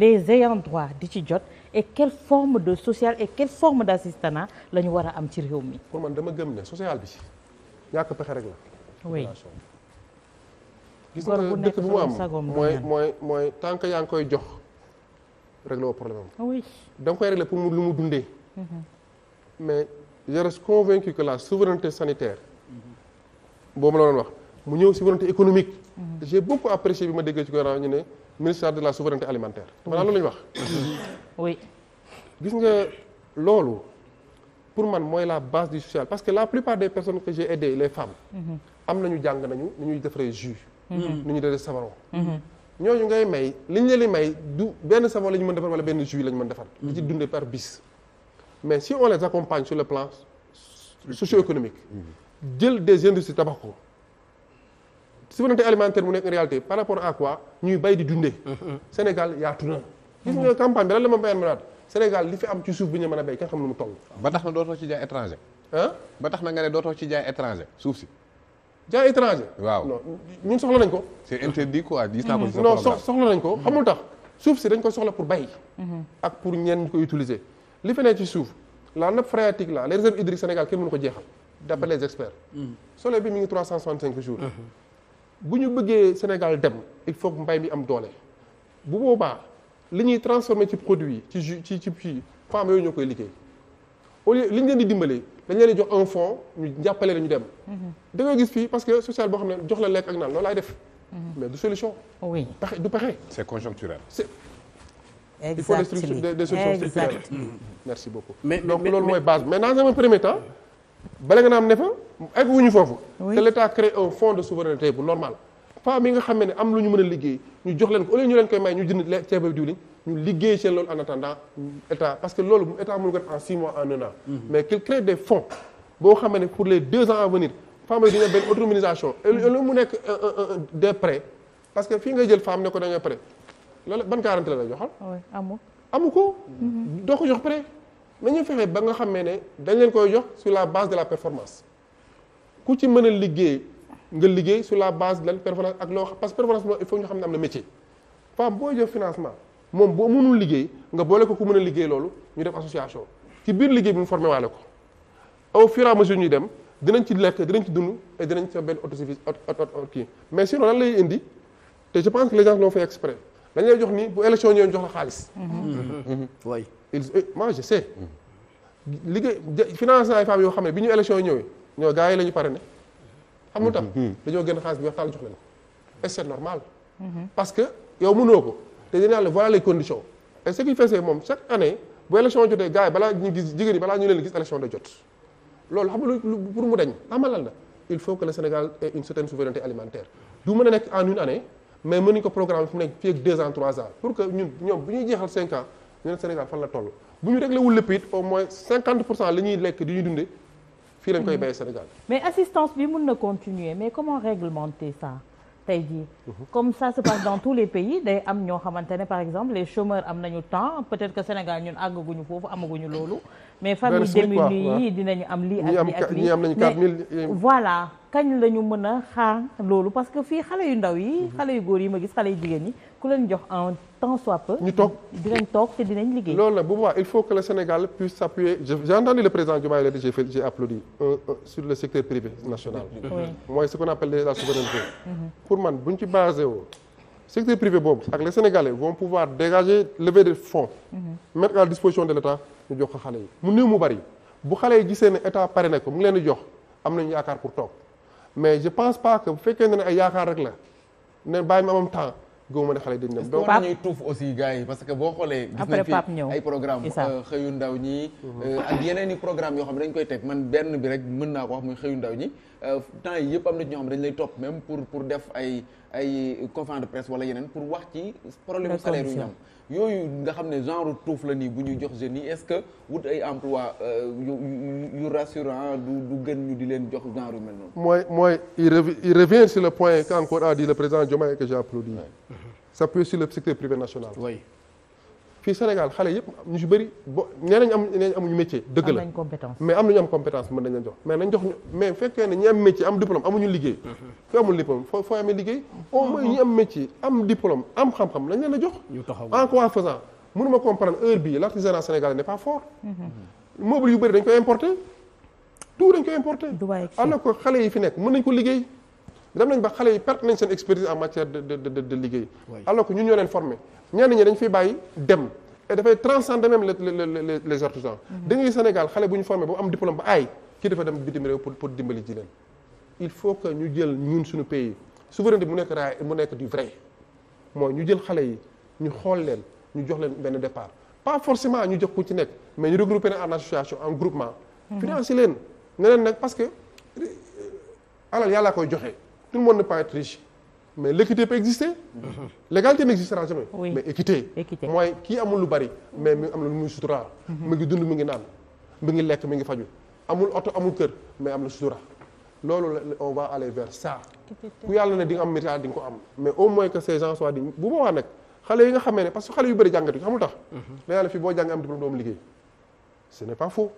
les ayants droit di ci jot et quelle forme de social et quelle forme d' assistanat la ñu war a am ci réew mi. pour man dama gëm ne social bi ñàkk pexe rek la. dëkk bu mu am mooy mooy mooy yaa ngi koy jox réglé woo problème am. oui da nga koy pour mu lu mu dundee. Mhm. mais je reste convaincu que la souveraineté sanitaire. boo la doon wax mu ñëw souveraineté économique. Mhm. j'ai beaucoup apprécié bi ma déggee ci gouvernement ñu ne. ministère de la souveraineté alimentaire. maanaam loolu la ñu wax. oui. gis nga loolu pour man mooy la base du social parce que la plupart des personnes que j'ai aidées les femmes. Mhm. am nañu jàng nañu nu ñuy defaree jus. Mhm. nu ñuy defee savon. Mhm. ñooñu ngay may li ñu leen may du benn savon la ñu mën defar wala benn jus la man defar. di ci dundee par bis. mais si on les accompagne sur le plan socio-économique. jël des industries tabax ko. souveraineté alimentaire mu nekk une réalité par rapport à quoi ñuy bay di dundee. Sénégal yaatu na. gis nga campagne bi lan la ma béyoon mënaat Sénégal li fi am ci suuf bi ñu mën a béy kenn xam lu mu toll. ba tax na dootoo ci dootoo ci jaay étranger suuf si. jaay étranger. waaw non ñun soxla nañ ko. c'est interdit quoi gis naa ko ci non soxla nañ ko xamul tax suuf si dañ ko soxla pour bay. Mhm. ak pour ñenn ñu ko utiliser. li fi nekk ci suuf la nappe phréatique la les réserves hydriques Sénégal kenn mënu mhm. bi mi ngi 365 jours. Mhm. bu ñu bëggee Sénégal dem il faut que mbay mi am doole bu boobaa li ñuy transformé ci produit ci ju ci ci ci femmes yooyu ñoo koy liggéey li ñu leen di dimbale dañ leen di jox un ñu jàppale la ñu dem. Mm-hmm. da ngay gis fii parce que social boo xam ne jox la lekk ak naan loolu laay def. Mm-hmm. mais du solution. oui pexe du pexe. c' est conjoncturel. c' est il faut des des solutions structurelles. merci beaucoup. donc loolu mooy base mais dans un premier temps bala nga naan ne fa. egg wuñu foofu te l'état crée un fonds de souveraineté bu normal femme yi nga xam ne am lu ñu mën a liggéey ñu jox leen ko au lieu ñu leen koy may ñu jënd ceeb diwlin ñu liggéey seen loolu en attendant état parce que loolu état mm-hmm. xam ne pour les deux jël femme ne ko da ngay prêt loolu ban garantie la lay joxal ah amu mm-hmm. doo ko jox prêt nañu fexe ba nga xam ne dañ leen koy jox sur la base de la performance ku ci mën a liggéey nga liggéey sur la base de la performance ak loo parce que performance moom il faut ñu xam ne am na métier femme booy jox financement moom boo mënul liggéey nga boole ko ku mën a liggéey loolu ñu def association ci biir liggéey bi mu formé waale ko au fur et ñuy dem dinañ ci lekk dinañ ci dund et dinañ ci benn autosuffisance auto kii mais sinon lan lay indi te je pense que les gens l'ont fait exprès dañ lay jox nii bu élection ñëwee jox la xaalis. Mm-hmm. oui il eh, moi je sais. liggéey finance ay yoo xam ne bi ñu élection ñëwee. ñoo gars yi la ñu parrainé xam tam tax mhm. dañoo gën xaalis bi wax taal jox leen et c'est normal mhm. parce que yow mënoo ko te dinaa la voilà les conditions et ce qui fait c'est moom chaque année bu élection jotee gars yi balaa ñu gis jigéen yi balaa ñu leen gis élection da jot loolu xam nga pour mu dañ xamalal na il faut que le Sénégal ait une certaine souveraineté alimentaire du mën a nekk en une année mais mën nañu ko programme fu nekk fii ak deux ans trois ans pour que ñun ñoom bu ñuy jeexal cinq ans ñu ne Sénégal la toll bu ñu réglé lépp it au moins cinquante pour la ñuy lekk di ñuy dundee fii lañ koy mhm. béyee Sénégal. mais assistance bi mun na continuer mais comment réglementer ça tey jii. Mhm. comme ça se passe dans tous les pays day am ñoo xamante ne par exemple les chômeurs am nañu temps peut-être que Sénégal ñun àggaguñu foofu amaguñu loolu. mais famille démunie yi dinañu am lii ak lii ak lii ñi am ñi am euh, voilà. kañ la mën a xaar loolu parce que fii xale yu ndaw yi. Mhm. xale yu góor yi ma gis xale yu jigéen ñi ku leen jox en temps soit peu. ñu toog dinañ toog te dinañ liggéey. loolu la bu boobaa il faut que le Sénégal puisse s'appuyer j'ai entendu le président Diomaye la j'ai fait applaudi euh, euh, sur le secteur privé national. mooy ce qu'on la souveraineté. Mhm. privé boobu ak les sénégalais vont pouvoir dégager lever des fonds. Mhm. mettre à disposition de l'État ñu jox ko xale yi. mu néew mais je pense pas que bu fekkee ne ay yaakaar rek la ne bàyyi ma am temps góobu ma ne xale dinañ dem. donc ñuy tuuf aussi gars yi parce que boo xoolee. gis nañ fi ay programme euh, xëyu ndaw ñi. Euh, ak yeneen i programme yoo xam ne dañ koy teg man benn bi rek mën naa ko wax muy xëyu ndaw ñi euh, temps yi am na ci ñoo xam dañ lay topp même pour pour def ay ay conférence de presse wala yeneen pour wax ci problème salaire yu ñu am. yooyu nga xam ne genre tuuf la nii bu ñuy jox jeunes yi est-ce que wut ay emploi euh, yu yu rassurant du du gën ñu di leen jox genre yu mel noonu. mooy mooy il revient sur le point qu'encore a dit le président Diomaye que j'ai applaudi. s'appuyer sur le secteur privé national. oui. fii Sénégal xale yëpp ñu si bëri bo nee nañ am nee nañ amuñu métier dëgg la mais am nañu am compétence mën nañ leen jox mais nañ ñu am métier am diplôme mm-hmm. fi amul diplôme foo foo am xam-xam nañ leen a jox en quoi faisant mënuma comprendre heure bii l'artisanat sénégalais n'est pas fort mm-hmm. meuble yu bëri dañ koy importer tout dañ koy importer alors que xale yi fi nekk mën nañ ko liggéey dem nañ ba xale yi perte nañ seen expertise en matière de de de de liggéey. alors que ñun ñoo leen formé ñenn ñi dañ fiy bàyyi dem. et dafay transcender même les les les artisans. Mm-hmm. da ngay Sénégal xale bu ñu formé ba am diplôme ba aay kii dafa dem bitim réew pour dimbali ji leen. il faut que ñu jël ñun suñu pays souveraineté mu nekk raay mu nekk du vrai mooy ñu jël xale yi ñu xool leen ñu jox leen benn départ pas forcément ñu jox ku ci nekk mais ñu regrouper leen en en groupement. Mm-hmm. financer leen ne leen parce que euh, alal yàllaa koy joxe. tout le monde ne peut pas être mais l'équité peut exister. l'égalité n'existera jamais. Oui. mais équité. mooy kii amul lu bari mais mi am na lu muy sutura. Mhm. mi ngi dund mi ngi naan mi ngi lekk mi ngi faju amul oto amul kër mais am na sutura loolu la on va aller vers ça. ku yàlla ne di nga am métier di nga ko am. mais au moins que ces gens soient dignes bu boobaa xale yi nga xamee ne parce que xale yu bëri jàngatuñu xamul tax. dañaa mhm. la fi boo jàngee am diplôme doo liggéey ce n'est pas faux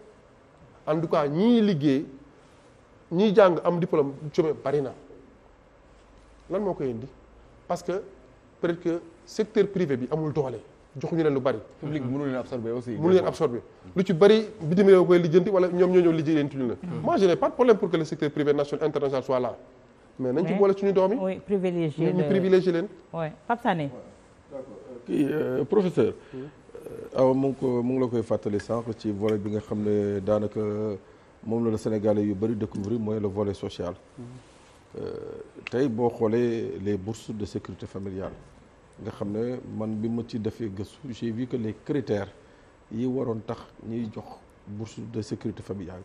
en tout cas ñii liggéey ñii jàng am diplôme bari na. lan moo koy indi parce que peut-être que secteur privé bi amul doole joxuñu leen lu bari. public bi mënu leen absorber aussi. mënu leen absorber lu ci bari bitim réew koy lijjanti wala ñoom ñoo ñëw lijjantiwuñu la. Mm-hmm. moi je n'ai pas de problème pour que le secteur privé national international soit là. mais nañ ci boole suñu doom yi. oui privilégié leen ñu privilégié leen. oui Pape Sané. d'accord euh, euh, professeur. Hmm. Euh, aw mu ko mu ngi la koy fàttali sànq ci volet bi nga xam ne daanaka moom la Sénégalais yu bari découvrir mooy le volet social. Hmm. Euh, tey boo xoolee les bourses de sécurité familiale nga xam ne man bi ma ci defee gëstu j'ai vu que les critères yi waroon tax ñuy jox bourse de sécurité familiale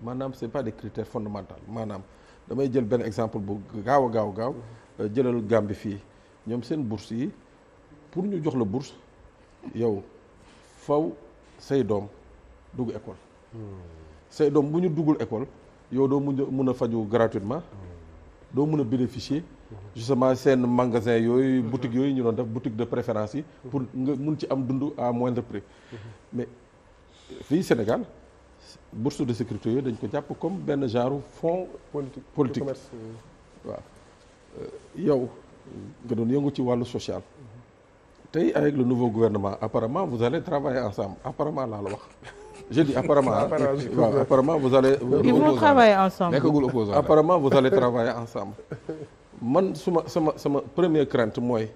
maanaam c'est pas des critères fondamentaux maanaam damay jël benn exemple bu gaaw a gaaw gaaw euh, jëlal Gambie fii ñoom seen bourse yi pour ñu jox la bourse yow faw say doom dugg école hmm. say doom bu ñu duggul école yow doo mun a mun a faju gratuitement hmm. doo mën a bénéficier justement seen magasin yooyu boutique yooyu ñu doon def boutique de préférence yi pour nga mun ci am dund à moindre prix mm-hmm. mais fii Sénégal bourse de sécurité yooyu dañ ko jàpp comme benn genre fonds politique euh. waaw euh, yow nga doon yëngu ci wàllu social mm-hmm. tey avec le nouveau gouvernement apparemment vous allez travailler ensemble apparemment laa la wax jeudi apparemment waaw apparemment vous allez. ils vont travailler ensemble nekkagul opposant apparemment vous allez travailler ensemble. man suma sama sama première crainte mooy.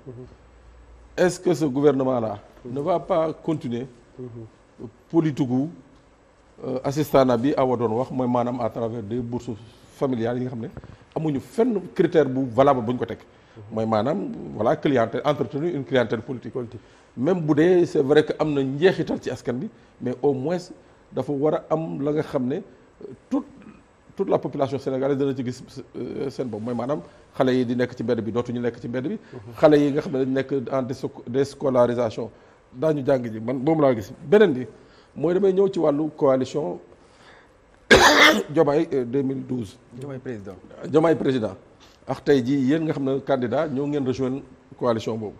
est-ce que ce gouvernement là. ne va pas continuer. politiku euh, assistanat bi awa doon wax mooy maanaam à travers des bourses familiales yi nga xam ne amuñu fenn critère bu valable bu ñu ko teg. mooy maanaam voilà clientèle entretenir une clientèle politique. même bu dee c'est vrai que am na njeexital ci askan bi mais au moins dafa war a am la nga xam ne toute toute la population sénégalaise dana ci gis euh, seen boob mooy maanaam xale yi di nekk ci mbedd bi dootuñu nekk ci mbedd bi. Mhm. xale yi nga xam ne dañu nekk en déscolarisation ñu jàng ji man boobu laa gis beneen bi mooy damay ñëw ci wàllu coalition Diomaye 2012. Euh, Diomaye président Diomaye président. ak tey jii yéen nga xam ne candidat ñoo ngeen rejoindre coalition boobu.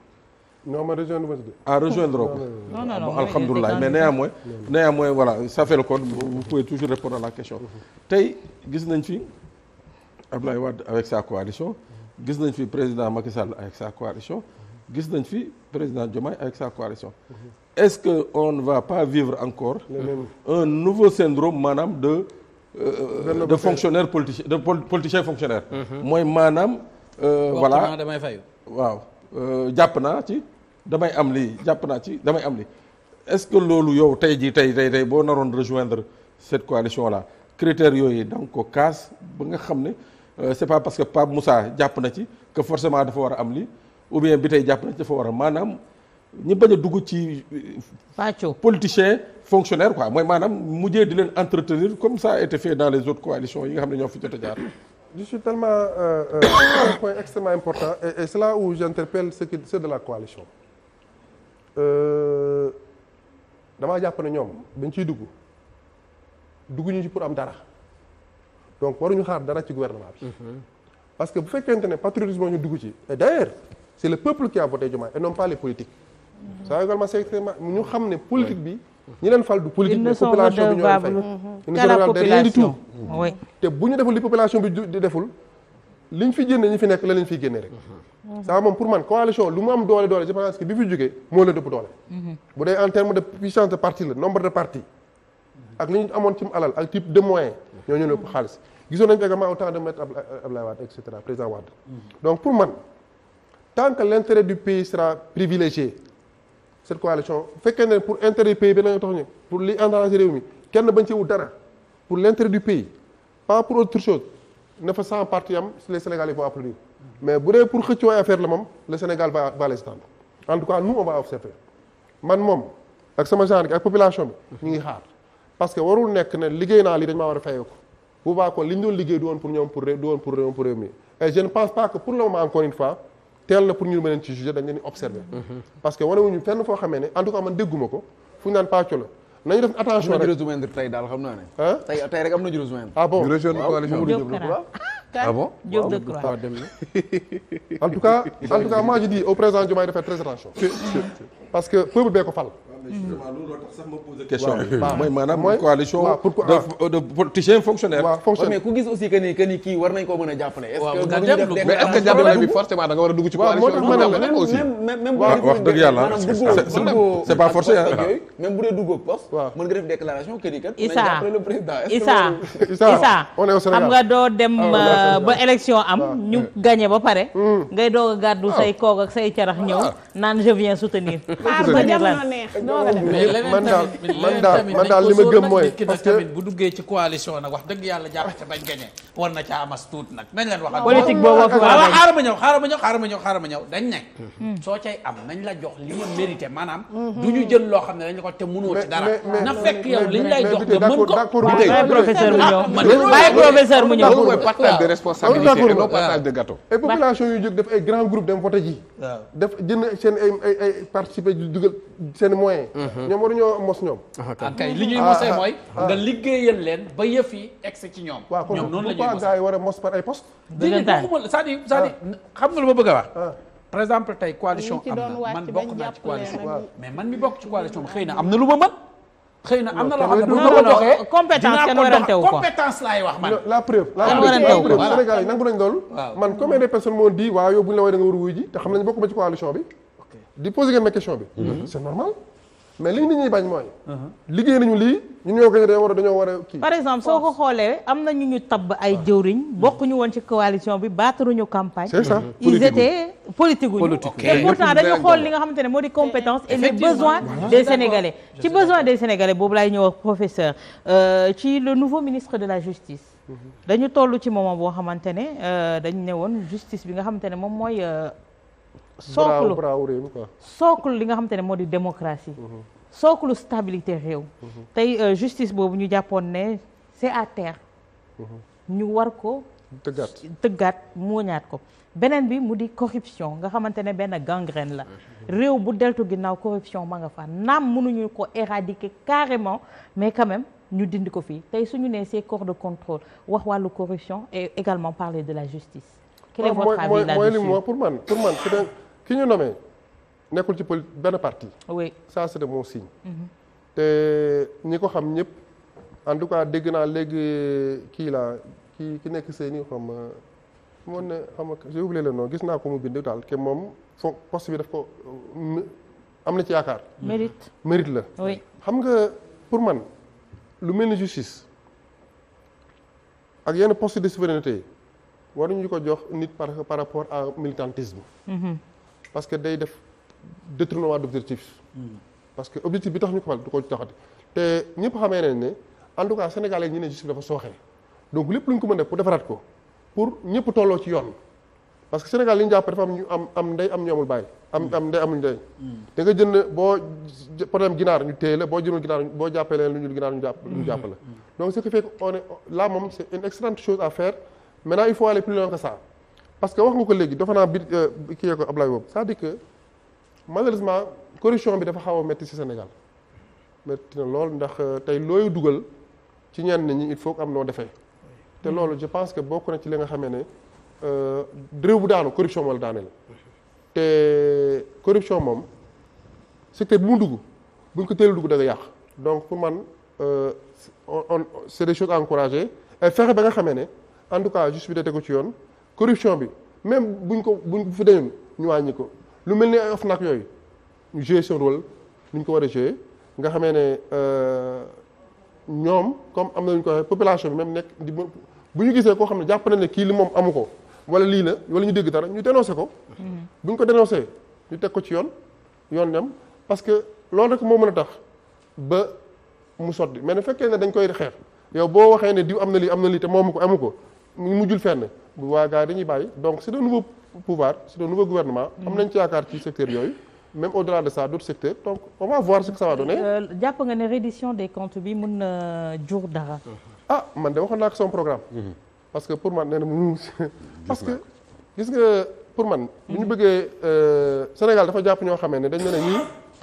non ma rejoindre ma ah rejoindre ko. non non non alhamdulilah mais néanmoins. néanmoins toujours répondre à la question. tey gis nañ fi Abdoulaye Wade avec sa coalition. gis nañ fi président Macky Sall avec sa coalition. gis nañ fi président Diomaye avec sa coalition. est-ce que on ne va pas vivre encore. un nouveau syndrome maanaam de. Euh, de fonctionnaire politicien de politicien fonctionnaire. Mhm. mooy maanaam. Euh, voilà damay fayu. waaw euh, jàpp naa ci damay am lii jàpp naa ci damay am lii est-ce que loolu yow tey jii tey tey tey boo naroon rejoindre cette coalition la critères yooyu da nga ko kaas ba nga xam ne c'est pas parce que Pape Moussa jàpp na ci que forcément dafa war a am lii ou bien bi tey jàpp na ci dafa war a maanaam. ñu bañ a dugg ci. pàccu euh, politicien fonctionnaire quoi mooy maanaam mujjee di leen entretenir comme ça a été fait dans les autres coalitions yi nga xam ne ñoo a jaar. je suis tellement euh, euh, important et, et c'est là où j'interpelle de la coalition damaa jàpp ne ñoom dañ ciy dugg dugguñu ci pour am dara donc waruñu xaar dara ci gouvernement bi. Mhm. parce que bu fekkente ne patriotisme ñu dugg ci. et d'ailleurs c'est le peuple qui a voté Diomaye et non pas les politiques. ça va également c'est extrêmement ñu xam ne politique bi ñi leen fal du politique bi ñu deful li population bi di deful liñ fi génne ñi fi nekk la lañ fiy génne rek mhm. ça moom pour man coalition lu mu am doole doole je pense que bi fi jógee moo leen dëpp doole mhm. bu dee en de puissance de parti la nombre de partis ak li ñu amoon ci alal ak type de moyen ñoo ñu ëpp xaalis gisoon nañ ko également au temps de maître Abdoulaye mhm. donc pour man tant que l'intérêt du pays sera cette coalition bu fekkee ne pour intérêt pays bi la nga tax ñu pour li endanger kenn bañ ci wut dara pour l' intérêt du pays pas pour autre chose na fa cent parti am bu dee pour xëccoo affaire la moom le Sénégal va va les attendre en tout cas nous man moom ak sama genre gi ak population bi ñu ngi xaar parce warul nekk ne liggéey naa lii dañ maa war a fayee ko bu baax kon li doon liggéey du woon pour ñoom pour du woon pour réew mi et je pense pas que pour le moment encore une fois teel na pour ñu mën ci juger dañ leen di observer parce que wane wuñu fenn foo xamee ne en tout cas man dégguma ko fu ñu naan pàcco la nañu def attention rek rejoindre tey xam naa ne tey tey rek am na ñu rejoindre ah en tout cas en tout cas moi je dis de faire très attention parce que peuple bee ko fal mais mm. ma posé question bi mooy maanaam mooy coalition de de politiciens fonctionnaires mais ku gis aussi que kii war nañ koo mën a jàppale est-ce que jàppale bi forcément a ci coalition nga def déclaration que kat Issa Issa Issa xam nga doo dem ah, euh, ba élection am ah. ñu gagné ba pare hmm. ngay doog a gàddu ah. say koog ak say carax ñëw naan je viens soutenir xaar ba neex man daal man daal man daal li ma gëm mooy parce que tamit bu duggee ci coalition nag wax dëgg yàlla jàpp ca bañ gañe war na ca amas tuut nag nañ leen wax politique boobu waaw xaaral ma ñëw xaaral ma ñëw xaaral ma ñëw xaaral ma ñëw dañ ne soo cay am nañ la jox li nga mérité maanaam du ñu jël loo xam ne dañ la ko te mënoo ci dara na fekk yow liñ lay jox nga mën ko bàyyi ah, professeur mu ñëw bàyyi professeur mu ñëw mooy partage de ah, responsabilité et non partage de ah. gâteau ay population yu jóg def ay grand groupe dem voté ji def jënd seen ay ay participer dugal seen moyen moyen. Mhm. ñoom waruñoo mos ñoom. Ah, ah, kay mhm. li ñuy ah, mosee mooy. nga liggéeyal leen ba yëf yi ci ñoom. ñoom noonu la ñuy mos waaw kon gars yi war a mos par ay poste. dëgg la c'est-à-dire cest à ma a xëy na am na lu ma mën. xëy na am na loo xam ne bu ñu ko doxee compétence kenn warante wu ko compétence laay wax man la preuve la preuve yi nangu nañ loolu man combien de personnes moo di waaw yow la wooyee da war a wuy ji te xam nañ bokk ma ci coalition bi di poser mais li nit ñi bañ mooy. Uh-huh. liggéey nañu lii ñun ñoo ko dañoo war dañoo war kii. par exemple soo ko xoolee am na ñu ñu tab ay ah. jëwriñ ñu woon ci coalition bi baataruñu campagne. c'est ça ils étaient politique guñu. et pourtant dañu xool li nga xamante ne moo di compétence et les besoins des sénégalais. ci besoin de sénégalais boobu laay ñëw professeur euh, ci le nouveau ministre de la justice. Mm-hmm. dañu toll ci moment boo xamante ne euh, dañu ne woon justice bi nga xamante ne moom mooy. Euh, sooklu sooklu li nga xamante ne moo di démocratie mhm. sooklu stabilité réew mhm. tey euh, justice boobu ñu jàppoon ne c'est à terre mhm. ñu war ko tëggaat tëggaat mooñaat ko beneen bi mu di corruption nga xamante ne benn gangrène la réew bu deltu ginnaaw corruption ma nga fa naam mënuñu ko éradiquer carrément mais quand même ñu dindi ko fii tey suñu nee ces corps de contrôle wax wàllu corruption et également parler de la justice quel est ah, votre avis là-dessus mooy pour man pour man ki ñu nommé nekkul ci poli benn parti. oui ça c'est de mon signe. Mhm. te ñi ko xam ñëpp en tout cas dégg naa léegi euh, kii laa ki ki nekk seeni xam moom ne xam nga gis naa ko mu bind moom fo poste bi daf ko am na ci yaakaar. mérite mérite la. oui xam nga pour man lu mel ni justice ak yenn poste de souveraineté waruñu ko jox nit par par rapport à militantisme. Mhm. parce que day def détournement d' objectif hmm. parce que objectif bi tax ñu ko fal du ko taxati te ñëpp xamee nañ ne en tout cas sénégalais ñi ne justice dafa sooxee donc lépp lu ñu ko mën def pour defaraat ko pour ñëpp tolloo ci yoon parce que Sénégal li ñu jàpp dafa am ñu am am ndey am ñu amul bàyyi am am ndey amul ndey hmm. da nga jënd boo problème ginaar ñu téye la boo jëndul ginaar boo jàppee leen lu ñul ginaar ñu jàpp ñu jàpp la hmm. donc ce qui fait que on une excellente chose à faire maintenant il faut aller plus loin parce que wax nga ko léegi dafa naa biir euh, kii yee ko Ablaye boobu cest que malheureusement corruption bi dafa xaw a métti ci Sénégal métti na lool ndax euh, tey looyu dugal ci ñenn ñi il faut am noo defee te loolu je pense que bokk na ci li nga xamee ne euh, réew bu daanu corruption moo la daaneel te corruption moom secteur bu mu dugg buñ ko teelu dugg da nga yàq donc pour man on c'est des choses à fexe ba nga xamee ne en tout cas justice bi te ko ci yoon corruption bi même buñ ko buñ fi demee ñu wàññi ko lu mel ni ay OFNAC yooyu ñu joué seen rôle ni ko war a joué nga xamee ne euh, ñoom comme am na ñu ko waxee population bi même nekk di bu ñu gisee koo xam ne jàpp na ne kii li moom amu ko wala lii la wala ñu dégg dara ñu dénoncé ko. Mm-hmm. bu ñu ko dénoncé ñu teg ko ci yoon yoon dem parce que loolu rek moo mën a tax ba mu sotti mais ne fekkee ne dañ koy xeex yow boo waxee ne diw am na lii am na lii te ko amu ko mu mujjul fenn. bu waa gars yi dañuy bàyyi donc c'est de nouveau pouvoir c'est de nouveau gouvernement mm-hmm. am nañ ci yaakaar ci secteur yooyu même au-delà de ça d'autres secteurs donc on va voir ce que ça va donner euh, jàpp nga ne reddition des comptes bi mën na jur dara ah man de wax naa ko son programme mm-hmm. parce que pour man nee na mu parce que gis nga pour man bu ñu mm-hmm. bëggee euh, Sénégal dafa jàpp ñoo xamee ne dañ ne ne ñii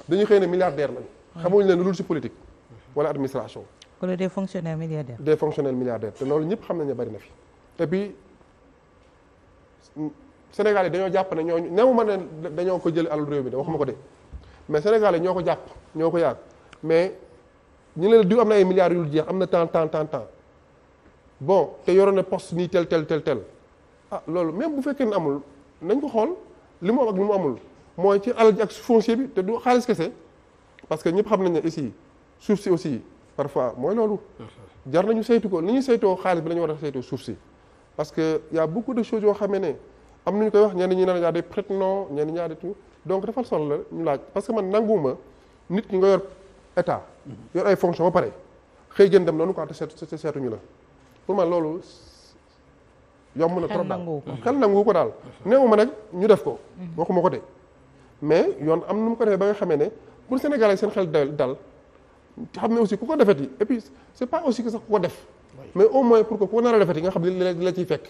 dañuy xëy ne milliardaire lañ xamuñu leen lu dul ci politique wala administration wala des fonctionnaires milliardaires des fonctionnaires loolu ñëpp xam nañu ne fi Sénégal yi dañoo jàpp ne ñooñu new ma ne dañoo ko jël alal réew mi de waxuma ko de mais Sénégal yi ñoo ko jàpp ñoo ko yaag mais ñu ne la diw am na ay milliards yu jeex am na tant tant tant tant bon te yoroon ne poste nii tel tel tel tel ah loolu même bu fekkee ne amul nañ ko xool li mu am ak li mu amul mooy ci alal ji ak foncier bi te du xaalis kese parce que ñëpp xam nañ ne ici suuf si aussi parfois mooy loolu jar nañu saytu ko ni ñu saytoo xaalis bi la ñu war a saytoo suuf si parce que y a beaucoup de choses yoo xamee ne am nañu koy wax ñenn ñi naan y a des prête-noms ñenn ñaa de tout donc defal soxla ñu laaj parce que man nanguwuma nit ñi nga yor état yor ay fonction ba pare xëy jën dem noonu quoi te seet la pour man loolu yomb na trop daal xel nangu ko daal néew ma ñu def ko mm-hmm. waxuma ko de mais yoon am nu mu ko defee ba nga xamee ne pour Sénégalais seen xel dal dal xam ne aussi ku ko defeti et puis c'est pas aussi que sax ku ko def mais au moins pour que ku nar a defati nga xam li la ciy fekk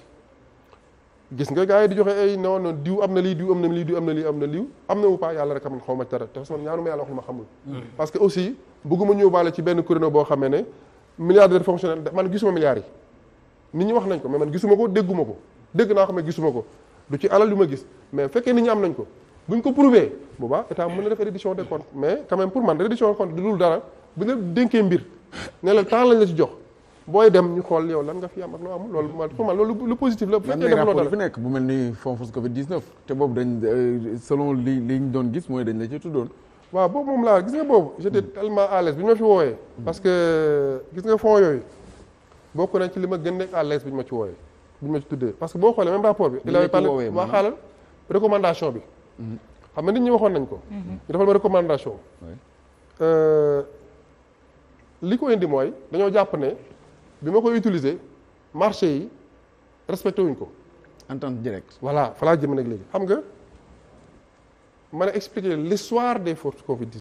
gis nga gars yi di joxe ay non non diw am na lii diw am na lii diw am na lii am na liw am na wu pas yàlla rek am na xaw ma dara te man ñaanu ma yàlla wax lu ma xamul hmm. parce que aussi bëgguma ñëw baale ci benn kuréel boo xamee ne milliardaire fonctionnaire man gisuma milliards yi nit ñi wax nañ ko mais man gisuma ko dégguma ko dégg naa xam ne gisuma ko du ci alal yu ma gis mais fekkee nit ñi am nañ ko buñ ko prouvé boobaa état mën na def reddition des comptes mais quand même pour man reddition des comptes du dul dara bu la dénkee mbir ne la temps lañ la ci jox booy dem ñu xool yow lan nga fi am ak loo amul loolu man lu positif la. bu mel ni fonds force Covid 19. te boobu dañ euh, selon li li ñu doon gis mooy dañ la ci tuddoon. waaw boobu moom laa gis nga boobu j'étais mm. tellement à l'aise bi ñu ma fi wooyee. Mm. parce que gis nga fonds yooyu bokk nañ ci li ma gën nekk à bi ñu ma ci wooyee bi ñu ma ci tuddee parce que boo xoolee même rapport bi. di la parlé waa mm. recommandation bi. xam nit ñi waxoon nañ ko. Mm-hmm. ñu defal ma recommandation. Euh, li ko indi mooy dañoo bi ma koy utiliser marché yi respecté wuñ ko. entente directe. voilà fa laa jëm nag léegi xam nga mën a expliquer l'histoire des forces Covid-19.